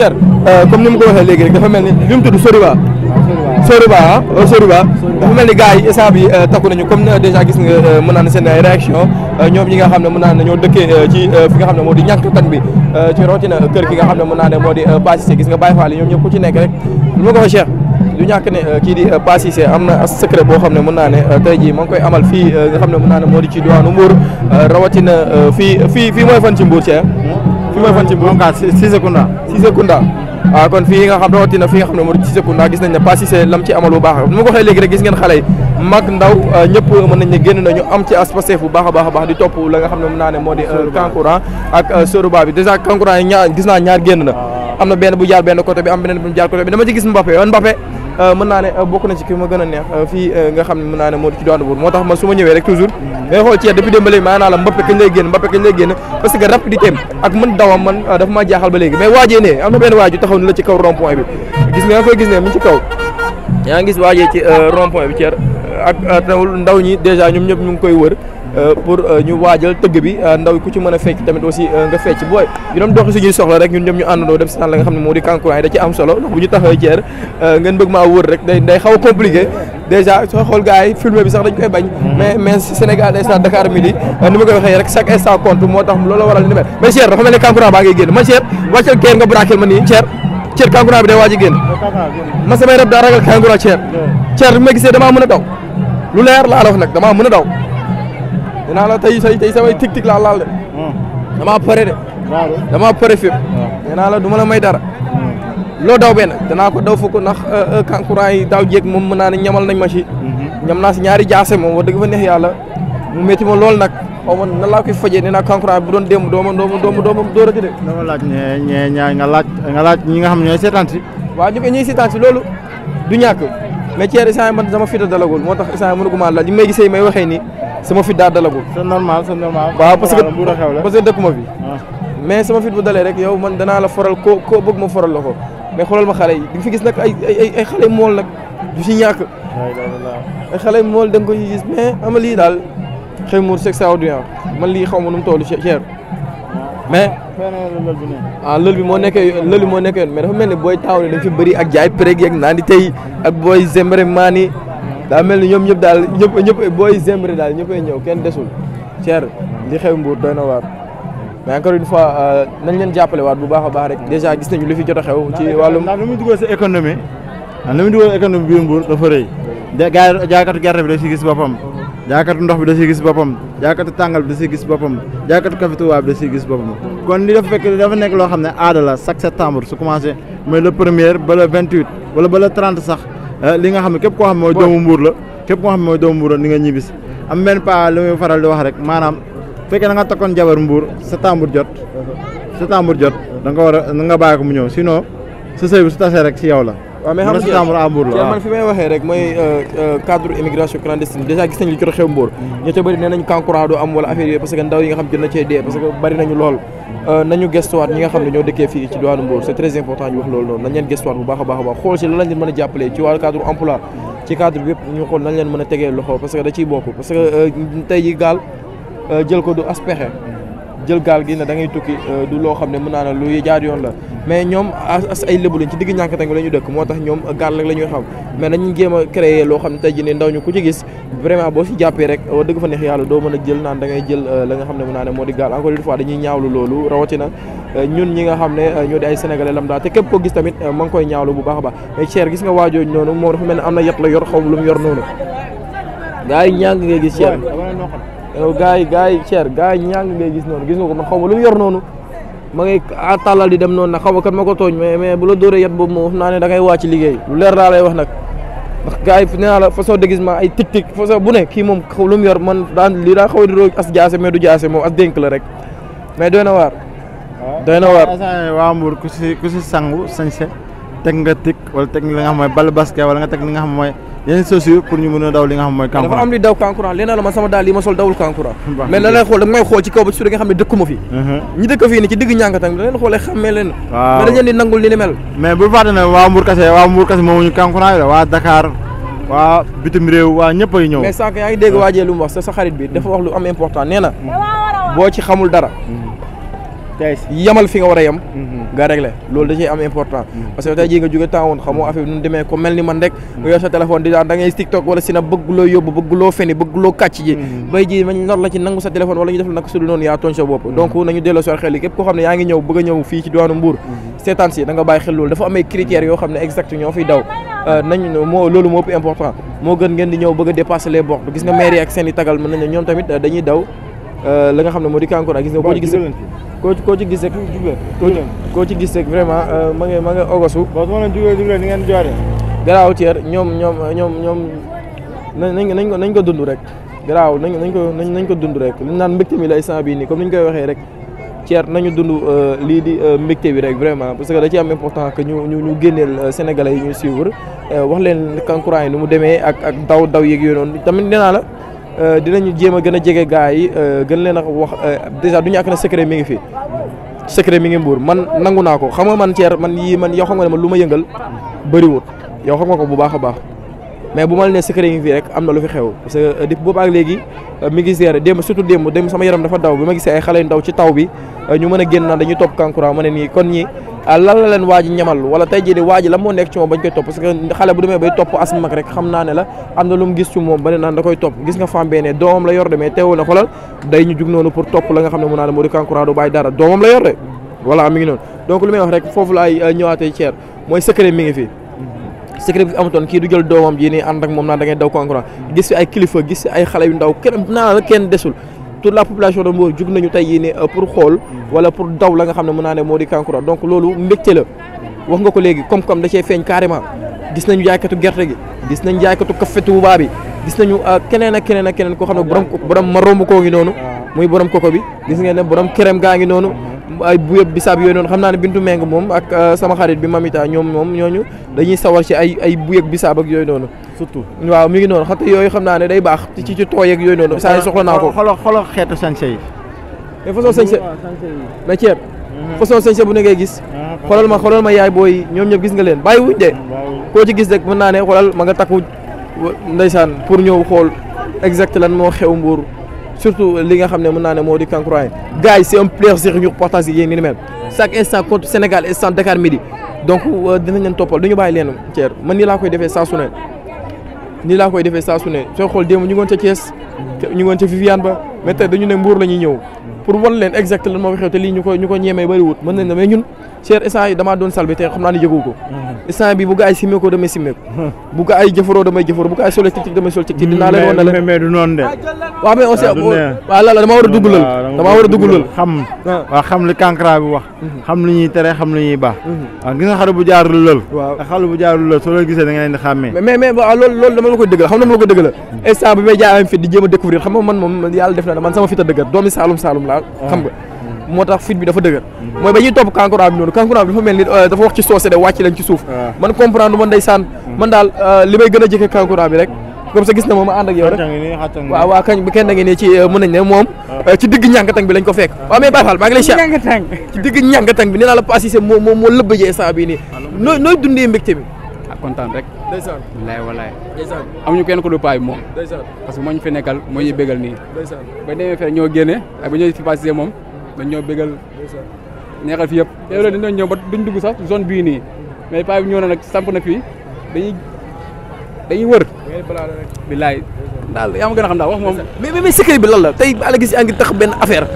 Cer euh, comme ni ma ko waxee léegi rek dafa mel ni li mu tudd Soriba. Soriba ah euh, Soriba dafa mel ni gars yi instant euh, nañu comme déjà gis nga mën naa ne seen réaction ñoom ñi nga xam ne mën naa ne ñoo dëkkee ci fi nga xam ne moo di ñàkk bi gi nga xam ne mën naa ne moo di Passissé gis nga Baye Fall ñoom ñëpp ku ci nekk rek lu ma ko waxee du ñàkk ne kii di Passissé am na secret boo xam ne mën naa ne tey jii ma ngi koy amal fii nga xam ne mën naa ne moo di ci diwaanu Mbour rawatina fii fii fii mooy fan ci Mbour Cheikh Ah, mooy mag ndaw ah, ñëpp mën nañ génn nañu am ci aspasef bu baax a di topp la nga xam ne mën moo di ah, kankuran ak Sorouba bi dèjà kankuran gis naa ñaar génn na am na benn bu jaar benn côté bi am beneen jaar côté bi dama ci gis Mbappé yoon Mbappé Euh, mën naa ne euh, bokk na ci ki ma gën a neex euh, fii nga xam ne mën naa ne moo ci doon buur moo tax man su ma ñëwee rek toujours ngay xool Thiès depuis démb ba léegi maa naa la Mbappé kañ lay génn Mbappé kañ lay génn parce que rapidité ak mën dawam man dafa maa jaaxal ba léegi mais waajee ne am na benn waaju taxaw ni la ci kaw rond point bi gis nga nga koy gis ne mu ci kaw yaa ngi gis waajee ci rond point bi Thiès ak ndaw ñi déjà ñoom ñëpp ñu ngi koy wër euh, pour euh, ñu waajal tëgg bi euh, ndaw ku ci mën a fecc tamit aussi nga fecc booy ñu doon doxi suñuy soxla rek ñu àndandoo ñu taxawee jeer ngeen soo xool gars yi bi sax dañ koy bañ mais mais Sénégal instant Dakar midi ni ma koy waxee rek chaque instant compte moo tax loolu waral ni mais Cheikh dafa mel ne baa ngay génn man Cheikh wàccal keer nga braquel ma nii Cheikh Cheikh kankurang bi day waaj a génn man samay Thierre bi ma gisee mën a daw lu leer laa la nag damaa mën a daw dinaa la tey say tey samay tig tig laa laal de. Hmm. damaa pare de. damaa pare fépp. nee naa la du ma may dara. Hmm. loo daw benn danaa ko daw fa ko ndax euh, euh, kankurang yi daaw jéeg moom mën naa ne ñamal nañ ma si. Hmm. ñam naa si ñaari jaase moom wax dëgg fa neex yàlla mu métti ma nag. xaw ma nan laa koy fajee bu doon démb dooma dooma dooma dooma dóorati de. dama laaj ñee ñee ñaa nga laaj nga laaj ñi nga xam ñooy seetaan si. waaw ñu ko ñuy seetaan si loolu du ñàkk. mais Thierry instant yii man sama fit a moo tax instant yii mënu ko maa laal li may gisee may waxee nii sama fit daa dalagul. waaw parce dëkkuma fi. Ah. mais sama fit bu dalee rek yow man danaa la foral koo bëgg ma foral la ko mais xoolal ma xale yi di nga fi gis nag ay ay ay mool nag du si ñàkk. ay xale mool da nga koy gis mais ama lii daal xëy muur c'est extraordinaire man lii xaw ma nu mu toll cher. mais ah lël bi moo nekkee lël bi moo nekkee yoon dafa mel ni booy taaw dañ fi bëri ak jaay préeg yeeg naan di tey ak booy zembre maani daa mel ni ñoom ñëpp daal ñëpp ñëpp booy zembre daal ñëppay ñëw kenn desul cher li xew Mbour doy na waar mais encore une fois euh, nañ leen bu baax a baax rek déjà gis nañu li jot a xew ci wàllum ndax lu muy dugal si économie ndax lu muy dugal économie bi Mbour dafa rëy jaay jaakatu gerte bi da si gis boppam jaaykatu ndox bi da siy gis boppam jaaykatu tàngal bi da siy gis boppam jaaykatu café Touba bi da siy gis boppam kon li dafa fekk dafa nekk loo xam ne aada la chaque septembre su commencé mooy le premier ba le vingt huit wala ba le trente sax euh, li nga xam ne képp koo xam ne mooy doomu mbuur la képp koo xam ne mooy doomu mbuur la ni nga ñibbis am benn pa li muy faral di wax rek maanaam fekkee na nga takkoon jabar mbuur septembre jot uh-huh. septembre jot da nga war a da nga bàyyi mu ñëw sinon sa sëy bi su rek si yow la waaw ah, mais xam nga man fi may waxee rek mooy euh, euh, cadre immigration clandestine déjà gis nañ li jot xew Mbour mm. ñu ca bëri nee nañ kankuraa doo am wala affaire yooyu parce que ndaw yi nga xam jot na cee dee parce que bëri nañu lool euh, nañu gestuwaat ñi nga xam ne ñoo dëkkee fii ci diwaanu Mbour c'est très important ñu wax loolu noonu nañ leen gestuwaat bu baax a baax a baax xool si lan lañ leen mën a jàppalee ci wàllu cadre emploi ci cadre bi yëpp ñu xool nañ leen mën a tegee loxo parce que da ciy bokk parce que tey yi gaal jël ko du aspexe jël gaal gi ne dangay ngay tukki euh, du loo xam ne mën naa ne lu jaar yoon la mais ñoom as ay lébu lañ ci digg ñàkk tàng la ñu dëkk moo tax ñoom gaal la ñuy xam mais dañuy jéem a créer loo xam ne tey jii ndaw ñu ku ci gis vraiment boo si jàppee rek wax dëgg fa neex yàlla doo a ngay jël euh, la nga xam ne mën naa ne moo di gaal encore une fois dañuy ñaawlu loolu rawatina euh, ñun ñi nga xam ne ñoo di ay sénégalais lam daa te képp gis tamit ma ngi koy ñaawlu bu baax a baax mais Cher gis nga waajooj noonu moom dafa mel ne am na yat la yor xaw lu mu yor noonu gars yi ñàng nga gis Cher yow gars yi gars yi cher gars yi ñàng ngay gis noonu gis nga ko man xaw ma lu yor noonu ma ngay tàllal di dem noonu nag xaw ma kat ma ko tooñ mais mais bu la dóoree yat boobu moom wax naa ne da wàcc liggéey lu leer daa lay wax nag ndax gars yi nee naa la façon déguisement ay tik tik façon bu ne kii moom lu yor man daan daa xaw a di roog as jaase mais du jaase moom as dénk la rek mais doy na waar doy na waar waa Mbour ku si ku si sangu sañse teg nga tik wala teg nga xam mooy teg nga xam mooy yeneen chaussures pour ñu mën a daw li nga xam mooy kankurang dafa am li daw kankurang léegi la man sama daal yi ma sol dawul kankurang mais la lay xool da nga xool ci kaw ba ci suuf nga xam ne dëkkuma fi uh-huh. ñi dëkk fii ni ci digg ñànkatang da leen xoolee xàmmee leen mais dañ leen di nangul li ni mel mais bu fàtte waa Mbour kase waa Mbour kase moomuñu kankurang la waa Dakar waa bitim réew waa ñëpp ñëw mais sànq yaa ngi dégg uh-huh. waajee lu mu wax sa sa xarit bi dafa wax lu am important nee na mm. yamal fi nga war a yem mhm. nga réglé loolu da am important mhm. parce que tey jii nga jóge temps woon xamoo affaire nu demee ko mel ni man rek mhm. nga yor sa téléphone di daan da TikTok wala si na bëgg loo yóbbu bëgg loo feni bëgg a ñëw fii ci diwaanu Mbour loolu euh, moo loolu moo ëpp important moo gën ngeen di ñëw bëgg a dépasser les bornes gis nga mairie ak seen tagal mën nañu ñoom tamit euh, dañuy daw Euh, la nga xam ne moo di Kankura gis nga koo ci gis koo koo ci gis rek koo ci gis rek vraiment euh, ma nga ma nga ogosu garaaw tier ñoom ñoom ñoom ñoom nañ ko nañ ko dund rek garaaw nañ nañ ko nañ ko dund rek liñ naan mbégte mi la instant bii nii comme ni ñu koy waxee rek Thier nañu dund euh, lii di mbégte bi rek vraiment parce que da ci am important que ñu ñu génneel Sénégalais yi ñuy suivre wax leen Kankura yi nu mu demee ak ak daw daw yeeg yooyu noonu tamit nee naa la Euh, dinañu jéem a gën a jege gars yi euh, gën leen a wax euh, dèjà du ñu ak na secret mi ngi fii secret mi ngi mbuur man nangu naa ko xam nga man Thier man yii man yow xam nga ne man lu ma yëngal bëriwut yow xam nga ko bu baax a baax mais bu ma nee secret yi ngi fi rek am na lu fi xew parce que boobu ak léegi mi ngi seer démb surtout démb démb sama yaram dafa daw bi ma gisee ay xale yu ndaw ci taw bi ñu mën a génn naan dañuy topp Kankourang ma ne nii kon ñi Ah, lan la leen waa ji ñamal wala tey jii di waa la moo nekk ci moom bañ koy topp parce que xale bu demee bay topp as mag rek xam naa ne la am na lu mu gis ci moom ba ne naan da koy topp gis nga fambee ne doomam na xoolal ne mu naa ne moo di kankuraa du bàyyi dara doomam la yor rek foofu la ay euh, ñëwaatee ceer mooy secret mi ngi fii secret bi kii du jël doomam ji nii ànd ak moom naan da ngay daw kankuraa gis fi ay kilifa gis fi ay xale yu ndaw kenn naa la kenn desul toute la population de Mbour jug nañu tey yii ne euh, pour xool mm. wala pour daw la nga xam ne mën naa ne moo di Kankura donc loolu mbégte la wax nga ko léegi comme comme da cee feeñ carrément gis nañu jaaykatu gerte gi gis nañu jaaykatu café Touba bi gis nañu euh, keneen a keneen a keneen koo xam ne borom borom maromb koo ngi noonu muy borom koko bi gis ngeen ne borom kerem gaa ngi noonu mm. ay bu yëpp bisaab yooyu noonu xam naa ne bintu meng moom ak euh, sama xarit bi mamita ñoom moom ñooñu dañuy sawar ci ay ay bu yëg bisaab ak yooyu noonu surtout waaw mi ngi noonu xata yooyu xam naa ne day baax ci ci tooy ak yooyu noonu saa yi soxla naa ko xolo xolo xeetu sañse yi mais façon sañse mais ceeb mhm. façon sañse bu ne ngay gis ah, xoolal ma xoolal ma yaay booy ñoom ñëpp gis nga leen bàyyi wuñ de mm, koo ci gis rek mën naa ne xoolal ma nga takku ndeysaan pour ñëw xool exact lan moo xew mbuur surtout li nga xam ne mën naa ne moo di Kankuraay gars yi c'est un plaisir ñu reportage yi yéen ni mel chaque instant compte Sénégal instant Dakar midi donc euh, dinañ toppal duñu bàyyi leen Thierre man nii laa koy defee saa su laa koy defee saa soo xool démb ñu ngoon ca Thiès ñu ngoon ca Viviane ba mais dañu ne Mbour la ñuy ñëw pour wan leen exact lan moo fi xew te lii ñu ko ñu ko ñeemee bëriwut mën nañ ne mais ñun Cheikh instant yi damaa doon salbi te xam naa ne yëgu ko instant bi bu gaa yi damay simmeeku bu gaa jëfaroo damay jëfaroo bu gaa yi solee tik damay sol tik-tik dinaa leen noonu de waaw mais aussi ah, waaw la damaa war a dugalal ah, damaa war a dugalal xam ah. waaw xam lu mm-hmm. ñuy tere xam lu ñuy baax waaw mm-hmm. gis nga xale bu jaarul lool waaw xale bu jaarul lool soo leen gisee da nga leen xàmmee mais mais waaw loolu dama la koy dëggal xam dama la koy dëggal mm-hmm. instant bi may jaay am fit di na man sama a dëggal doomi saalum moo tax fit bi dafa dëgër mooy ba ñuy topp kankurang bi euh, dafa wax ci soose de wàcc leen ci suuf ah. man comprendre man ndeysaan hmm. man daal euh, li gën a jëkke kankurang bi rek hmm. comme ça gis na moom ma ànd ak yow kañ bu kenn da ngeen ne ci euh, ne moom ah. ci digg ñàngatang bi lañ ko fekk ah. waaw mais Baye Fall maa ci digg ñàngatang bi nee naa la Pape Cissé moo moo moo lëbbëjee nooy nooy dundee mbégte bi ak kontaan rek ndeysaan walaay walaay ndeysaan amuñu ko du paay moom parce que dañ ñoo bégal neexal fi yëpp te loolu dañ ñëw ba duñ dugg sax zone bii nii mais paa bi ñëw na nag samp na fii dañuy dañuy wër bilaay daal yaa ma gën a xam daal wax moom mais mais secret bi lan la tey ala gis yaa ngi benn affaire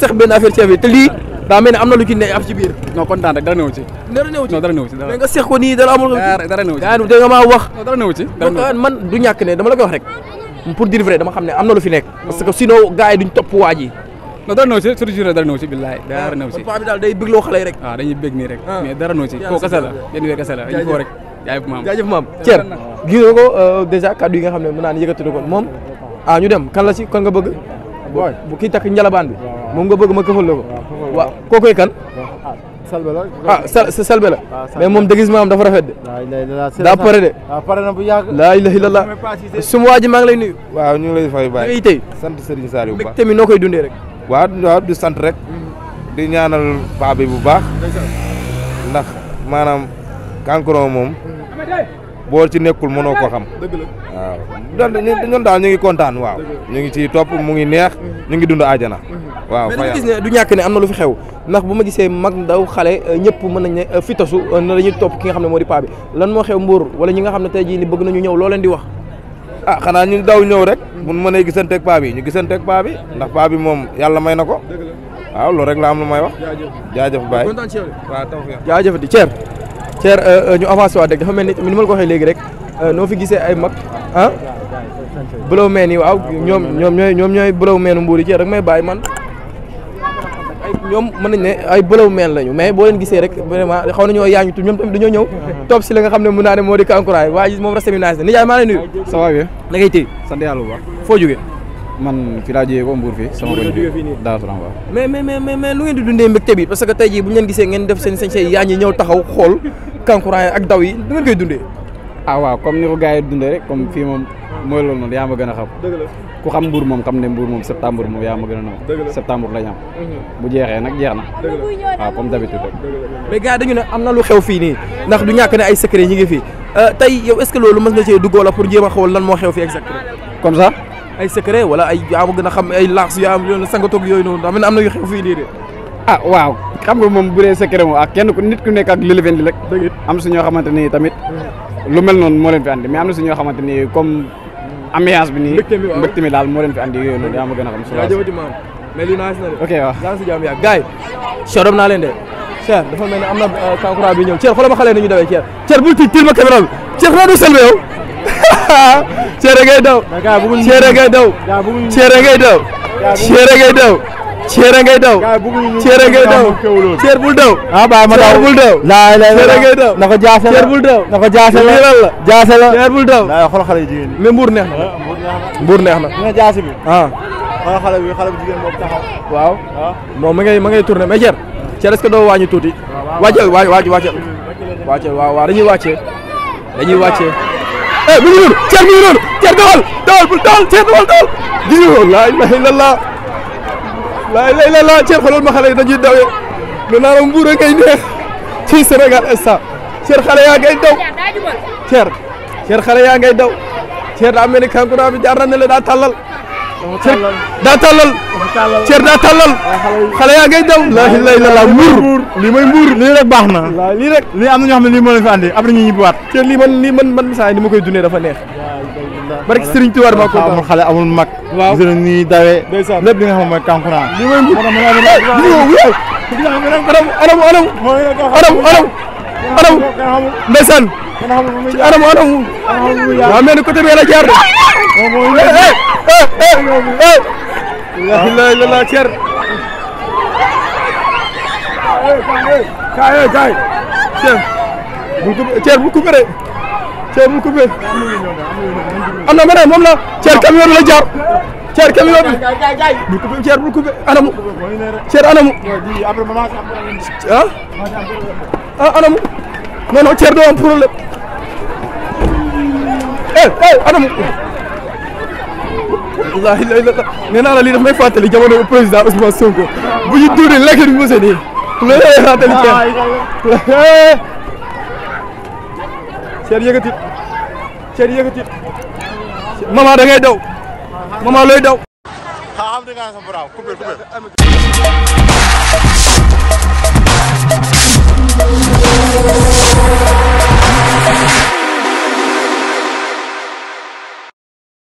sax benn affaire ci affaire te lii daa mel ne am na lu ci ne am ci biir non kontaan rek dara newu ci dara newu ci dara newu ci mais nga wax dara newu du ñàkk ne dama la koy wax rek pour dire vrai dama xam ne am na lu fi nekk parce que sinon gars yi duñ topp waa ji na dara ñëw si surtout journée dara ñëw ah, day bëgg loo xale yi rek waaw ah, dañuy nii rek ah. dara ñëw ko euh, dèjà kaddu yi nga xam ne mën naa ne yëkkati ko moom ah dem kan la si kan nga bëgg bu kii takk njalabaan bi moom nga bëgg ma këfal la ko waaw kookoy kan salbe la ah salbe la mais moom déguisement am dafa rafet de daa pare de pare na bu yàgg laa ilaha illallah suma waa maa ngi lay nuyu waaw fay bàyyi tey sant Serigne Saliou bu baax mbégte mi noo koy dundee rek waaw waaw di sant rek mm-hmm. di ñaanal paa bu baax ndax maanaam Kankourang moom mm-hmm. boo ci nekkul mënoo ko xam waaw ñun daal ñu ngi kontaan waaw ñu ngi ciy topp mu ngi neex mm-hmm. ñu ngi dund aajana waaw mais gis ne du ñàkk ne am na lu fi xew ndax bu ma gisee mag ndaw xale euh, ñëpp mën nañ ne euh, fi tasu euh, na dañuy topp ki nga xam ne moo di paa lan moo xew Mbour wala ñi nga xam ne tey jii ni bëgg nañu ñëw loo leen wax ah xanaa ñun daw ñëw rek mun mënee gisanteeg paa bi ñu gisanteeg paa bi ndax paa bi moom yàlla may na ko waaw loolu rek la am lu may wax jaajëf Baye waaw taw jaajëf di Thier Thier euh, euh, ñu avancé waat rek dafa mel ni ni ma la ko waxee léegi rek euh, noo fi gisee ay mag ah blow meen yi waaw ñoom ñoom ñooy ñoom ñooy blow meenu mbuur yi Thier rek may bàyyi man ay ñoom mën nañ ne ay bëlaw meen lañu mais boo leen gisee rek xaw nañoo yaañu tu ñoom tamit dañoo ñëw topp si nga xam ne mën naa ne moo di kankuraay waa ji moom rasemi naag na nijaay maa lay nuyu ça va bien na ngay foo jógee man fi laa jógee ko Mbour fii sama daa turam waaw mais mais mais mais lu ngeen di dundee mbégte bi parce que tey jii bu ñu leen gisee ngeen def seen sañ say yaañi ñëw taxaw xool kankuraay ak daw yi da ngeen mooy loolu noonu yaa ma gën a xam ku xam mbuur moom xam ne mbuur moom septembre moom yaa ma gën a naw septembre lañ am mhm. bu jeexee nag jeex na waaw ah, comme d'habitude rek mais am na lu xew fii nii ndax du ñàkk ne ay secret ñi ngi fii euh, tey yow est ce que loolu mës nga cee dugg wala moo xew fii exactement ay secret gën a xam ay laas yu am yoon sangatoog yooyu noonu am na am na yu xew fii nii de ah moom bu dee secret moom kenn ku nit ku nekk ak lëlëfeen li rek am suñoo xamante ni tamit mhm. lu mel noonu moo leen fi andi mais am na suñoo xamante ni comme ambiance bi nii mbégte mi daal moo leen fi andi yooyu noonu yaa ma gën a xam. jaajëfati maam mais lii naaj na de. ok waaw yaa ngi si jàmm yaa gars yi. Cheikh doon naa leen de. Cheikh dafa mel ni am na euh, kankuraa bi ñëw Cheikh xoolal ma xale yi ñu dawee Cheikh Cheikh bul tiit tiil ma caméra bi Cheikh naa du selbe yow. Cheikh da ngay daw. Cheikh da ngay daw. Cheikh da ngay daw. Cheikh da ngay daw. Ceere ngay daw ceere ngay daw ceer bul daw ah, a bàyyi ma daw ceer bul daw laay laay ceere na ko jaase ceer bul daw na ko la lan la jaase la ceer bul daw laay xool xale yu jigéen mais ah, neex na mbuur neex na nga jaase bi ah xool xale bi xale bu jigéen boobu taxaw waaw moom ah. ma ngay ma ngay tourné mais ceer ceer est-ce que doo wàññi tuuti wàcceel waa waa wàcceel wàcceel waaw waaw dañuy wàccee dañuy wàccee eh mi ngi noonu ceer mi ngi noonu ceer dawal bul dawal ceer dawal dawal gis nga loolu laa lay la laa Cheikh ma xale yi dañuy daw yow nee naa la mbuur a ngay neex ci Sénégal instant Cheikh xale yaa ngay daw Cheikh Cheikh yaa ngay daw Cheikh daa mel ni kankuraa bi jaar daa tàllal cër daa tàllal cër daa tàllal xale yaa ngay daw laa ilaaha illallaah mbuur lii mooy mbuur lii rek baax na lii rek lii am na ñoo xam ne lii moo leen fi andi après ñu ñibbiwaat cër lii man lii man man saa ni ma koy dundee dafa neex barke Sëriñ Tuubaa ma ko amul xale amul mag gis na ni dawee lépp li nga xam mooy kankuraan lii mooy mbuur anam anam anam anam anam anam anam waaw mel ni côté bi la jaar de. la ilaha cer. bu coupé cer bu moom la. cer camion la jaar. cer camion non non Thierno doo am problème. eh eh Adam. nee naa la lii daf may fàttali jamono président Ousmane Sonko bu ñu tuuri lekk ñu mos a nii. loolu lay fàttali kenn. Eh. Thierno yëkkati Thierno yëkkati. maman da ngay daw. maman looy daw. Ah, Thank you.